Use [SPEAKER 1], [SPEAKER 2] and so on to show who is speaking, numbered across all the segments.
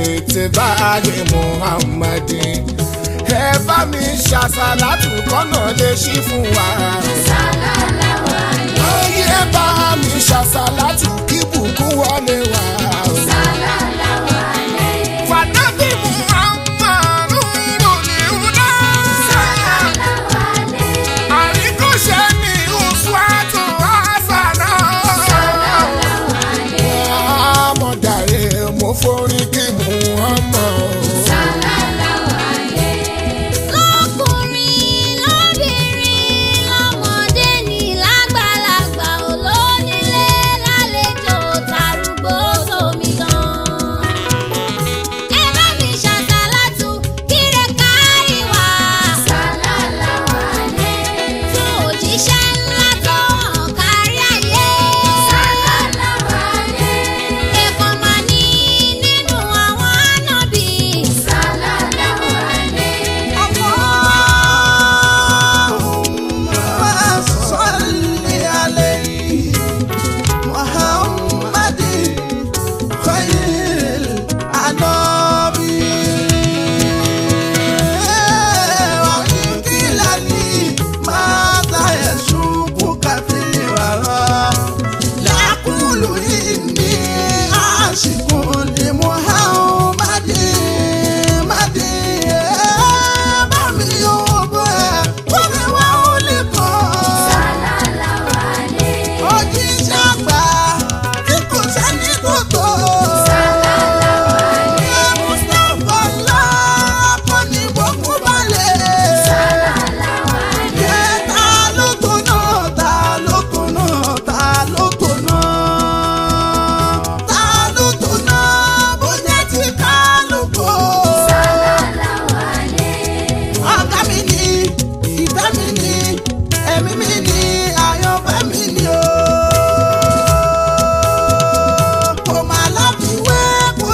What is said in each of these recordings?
[SPEAKER 1] ìtìbáyé muhammadi ẹ bá mi ṣàṣàlátù kọ́nà lè ṣí fún wa.
[SPEAKER 2] ṣàlàlà wáyé.
[SPEAKER 1] ó yẹ bá mi ṣàṣàlátù kíbùkún wọlé wá.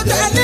[SPEAKER 1] that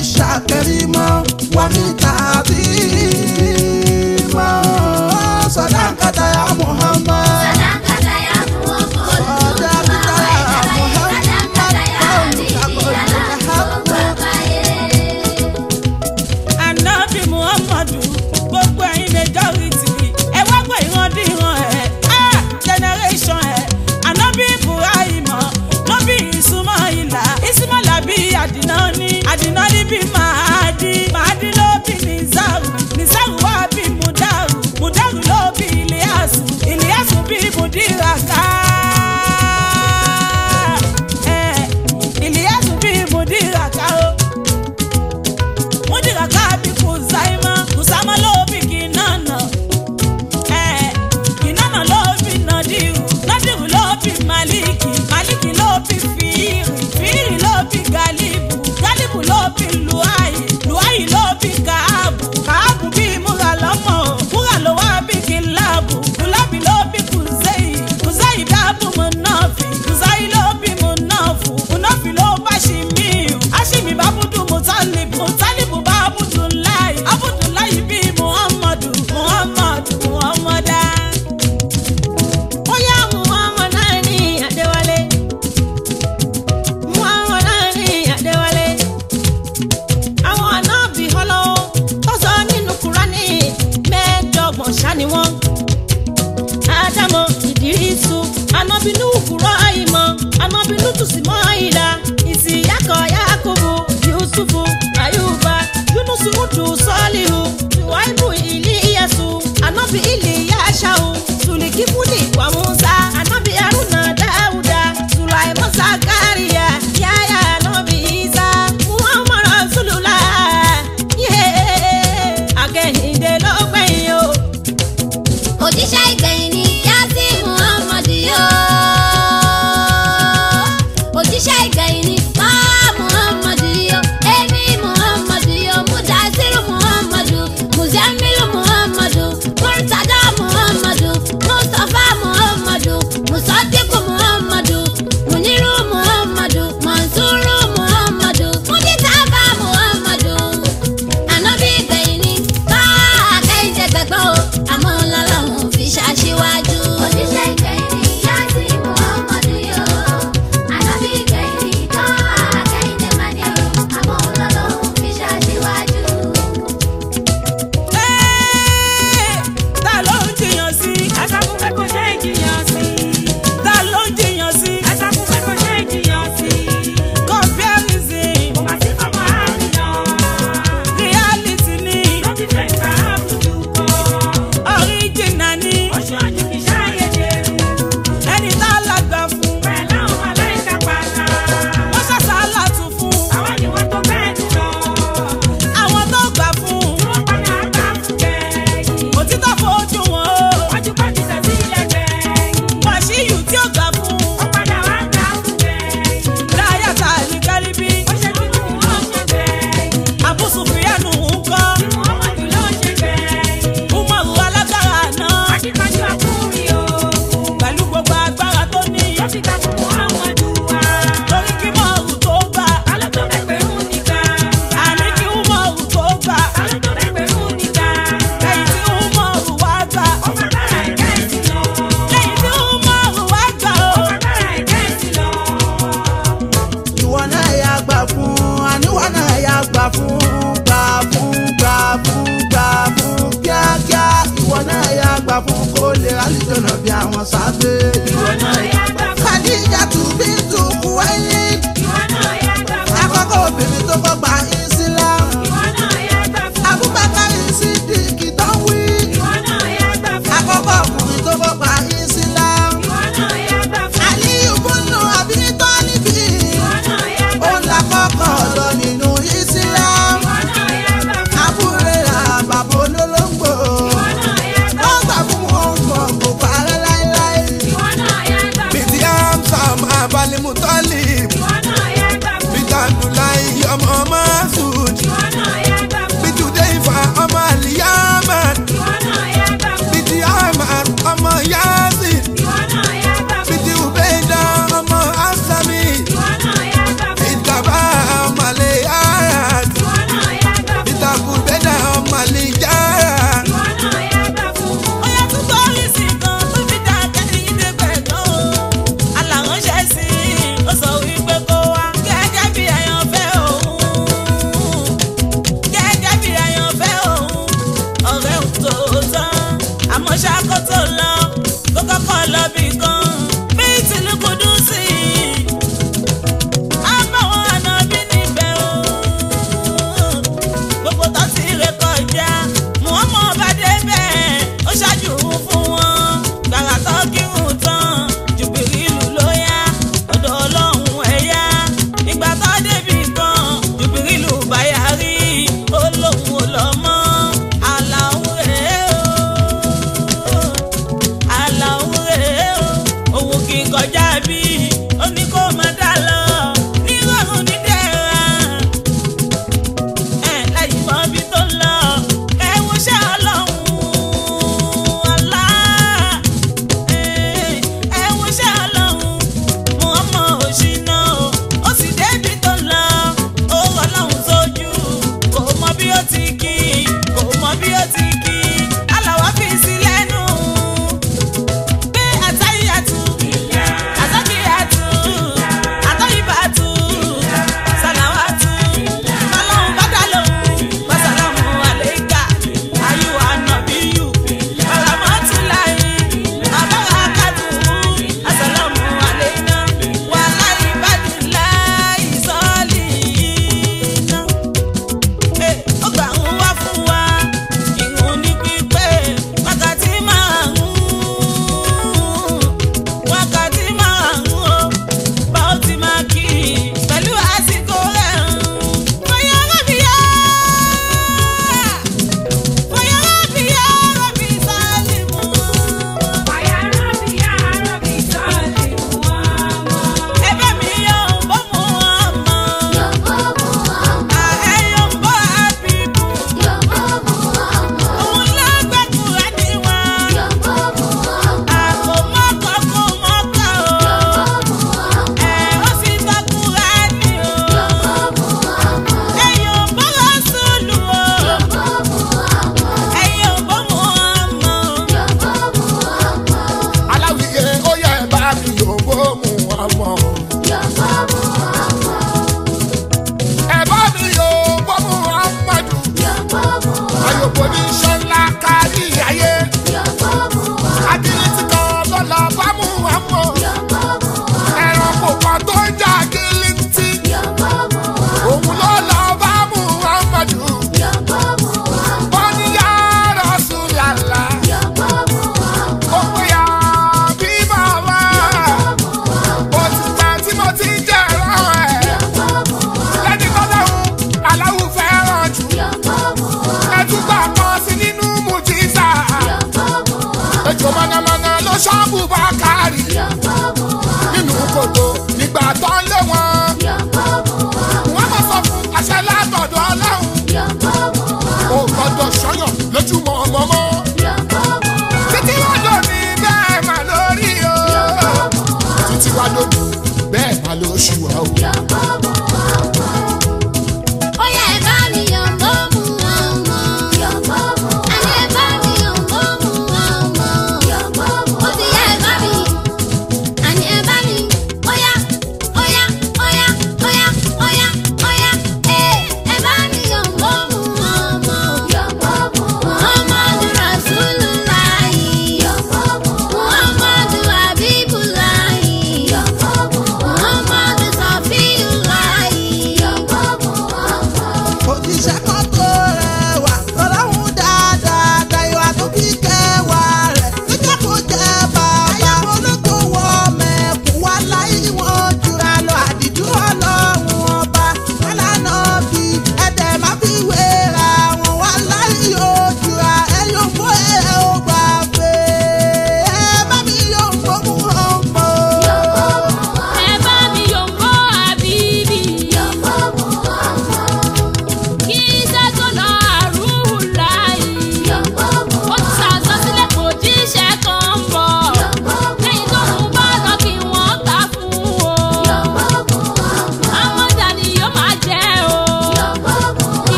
[SPEAKER 1] ìṣàkẹ́rímọ́ wọ́n ní tàbí.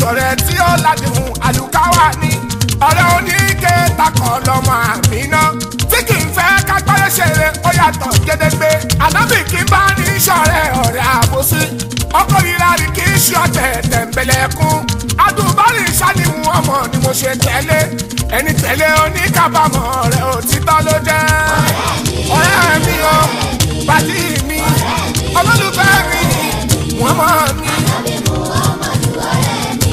[SPEAKER 1] ṣọ̀rẹ́ tí ó ládùn àlùkáwà ni ọ̀rẹ́ oníke takọ̀ lọ́mọ àmì náà tí kì í fẹ́ kágbáyé ṣeré ó yàtọ̀ gédégbé ànábì kí bá ní ṣọ̀rẹ́ ọ̀rẹ́ àbòsí ọkọ̀ ìlà rí kì í ṣe ọ̀tẹ̀ tẹ̀m̀bẹ̀lẹ̀kún adùnbọ́lì ṣàníhun ọmọ ni mo ṣe tẹ̀lé ẹni tẹ̀lé oníkàbámọ̀ ọ̀rẹ́ òtítọ́ ló jẹ́ ọ̀rẹ́ mi o pàtí mi olólùfẹ́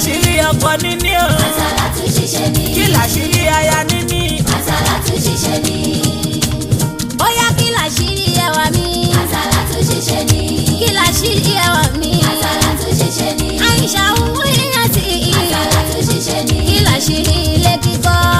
[SPEAKER 1] làṣírí ọkọ níní o. àsàlátù ṣiṣẹ́ ni. kí làṣírí aya níní. àsàlátù ṣiṣẹ́ ni. bóyá kí làṣírí ẹwà mi. àsàlátù ṣiṣẹ́ ni. kí làṣírí ẹwà mi. àsàlátù ṣiṣẹ́ ni. àìṣà òun ìrántí. àsàlátù ṣiṣẹ́ ni. kí làṣírí ilé kíkọ́.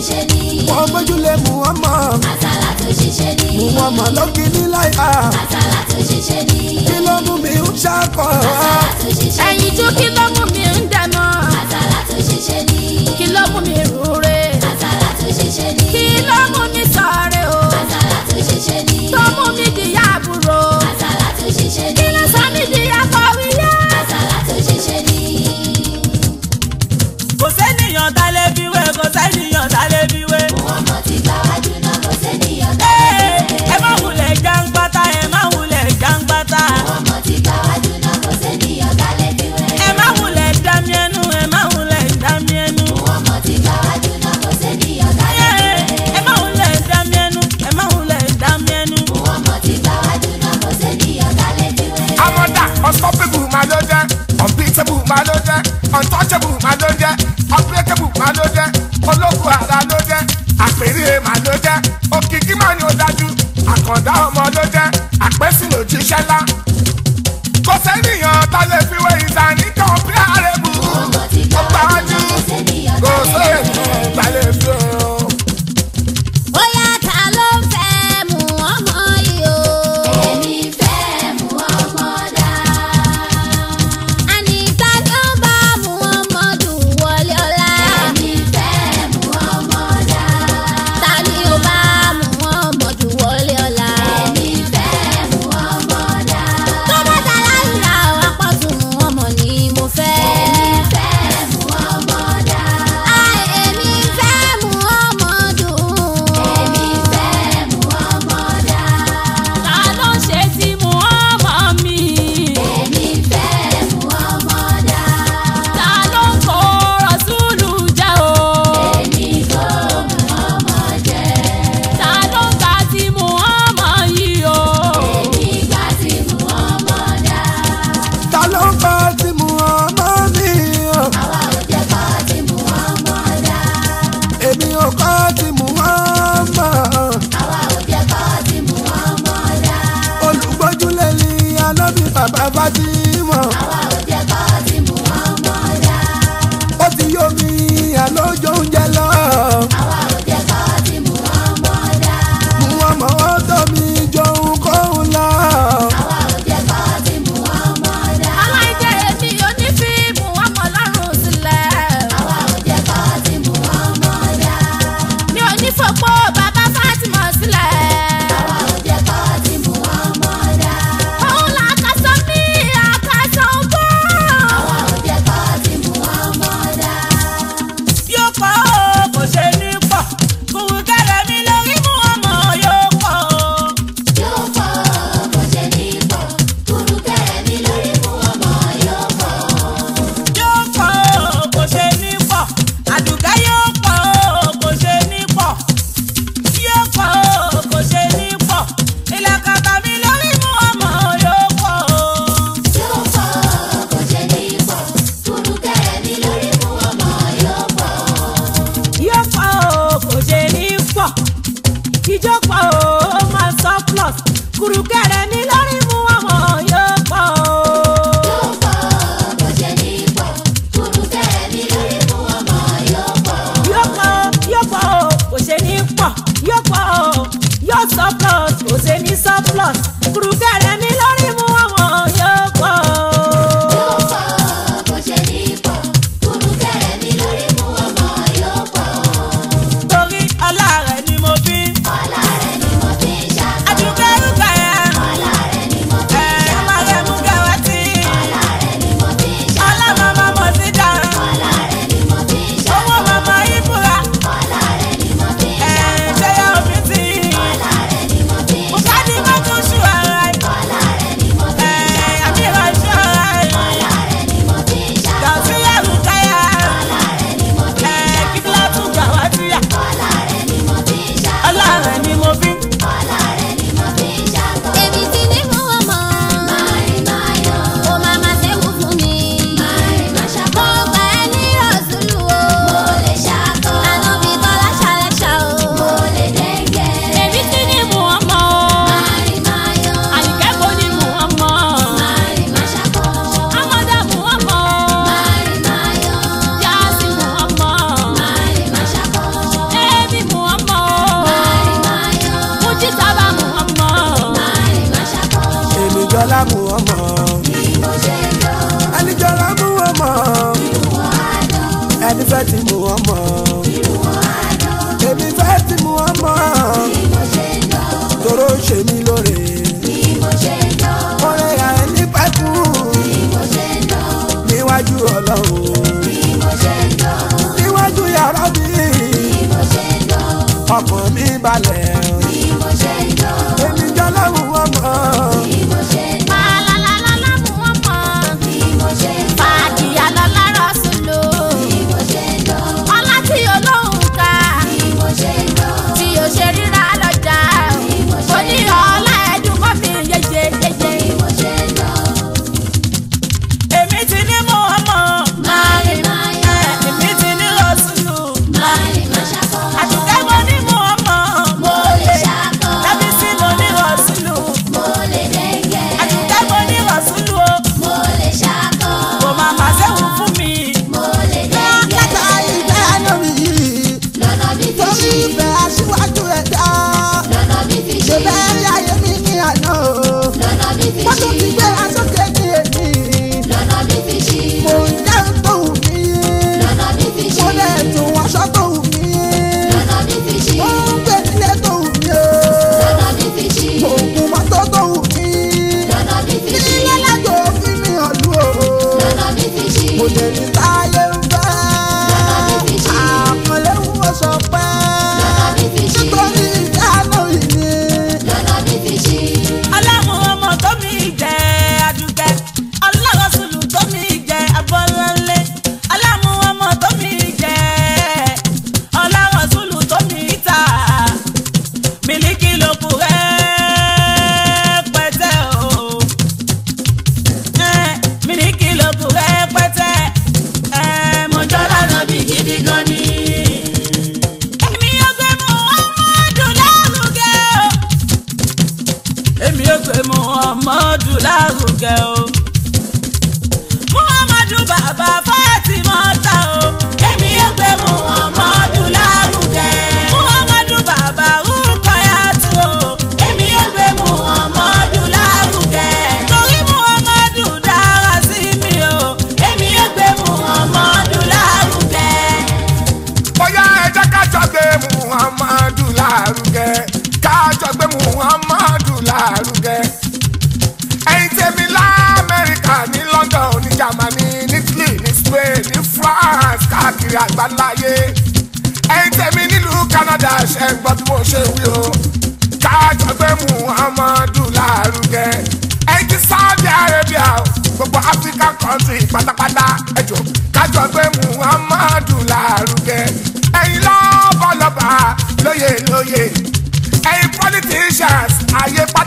[SPEAKER 1] ṣiṣẹ́ ní. Mo gbójúlé Muhammad. Àsàlá tó ṣiṣẹ́ ní. Muhammad ló kí ní láyà. Àsàlá tó ṣiṣẹ́ ní. Kí ló mú mi ń ṣàkọ? Àsàlá tó ṣiṣẹ́ ní. Ẹyin tó kí ló mú mi mi rúre? Àsàlá tó ṣiṣẹ́ ní. mi sọ̀rẹ́ o? Àsàlá tó ṣiṣẹ́ ní. Tó mú mi dìyà àbúrò? Àsàlá Kò sẹ́niyàn tá lè fi kò sẹ́niyàn tá máa ló jẹ́ unbreakable máa ló jẹ́ olókùn àrà.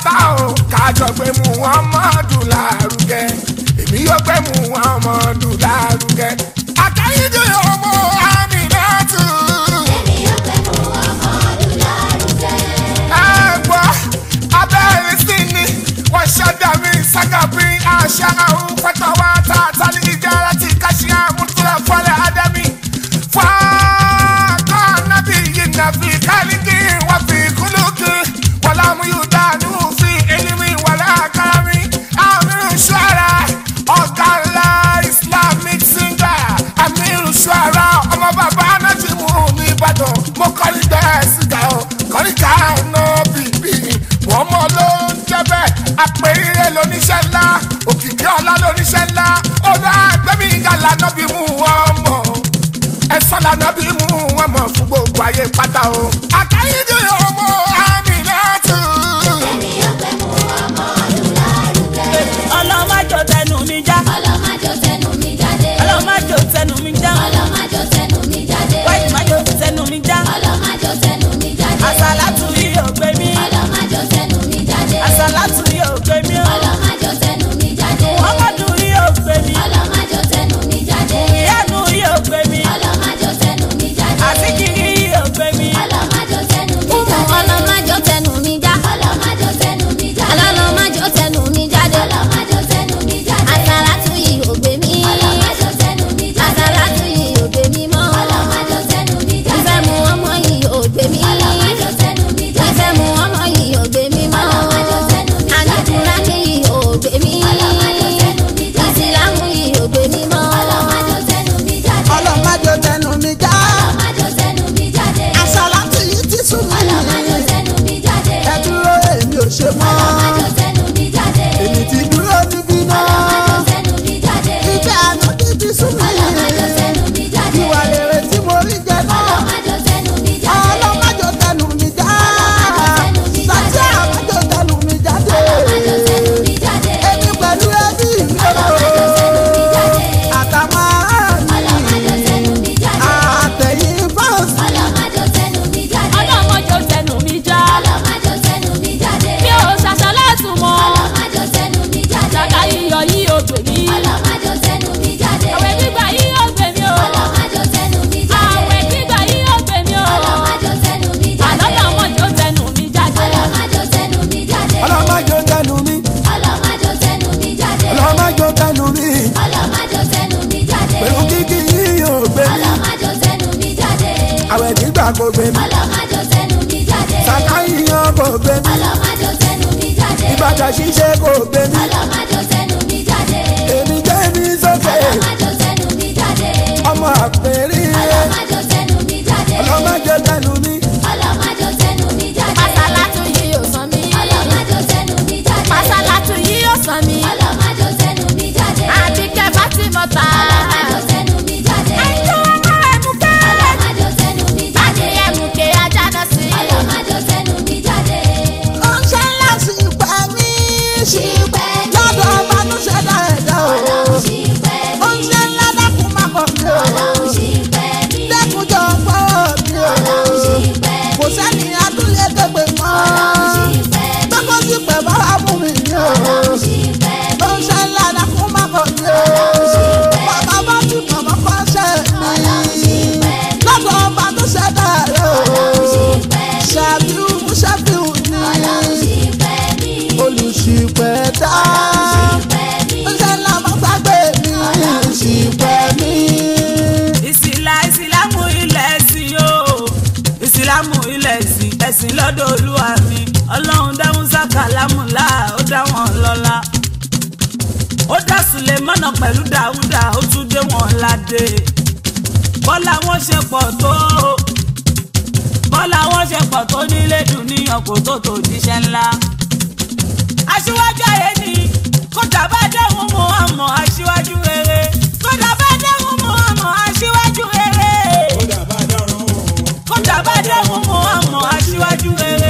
[SPEAKER 1] bàbá o kájọ gbé Muhammadu lárugẹ èmi yóò gbé Muhammadu lárugẹ. àtàyédè ọmọ Aminatu. èmi yóò gbé Muhammadu lárugẹ. ẹ gbọ́ abẹ́rẹ́ sí ni wọ́n ṣẹ́dá mi ságàbí àṣà náà. ọkọ̀ tó nílé dùn ní ọkọ̀ tó tó jíṣẹ́ ńlá. aṣíwájú ayé ni kódà bá dẹ́hùn mú àmọ́ aṣíwájú rere kódà bá dẹ́hùn mú àmọ́ aṣíwájú rere kódà bá dẹ́hùn mú àmọ́ aṣíwájú rere.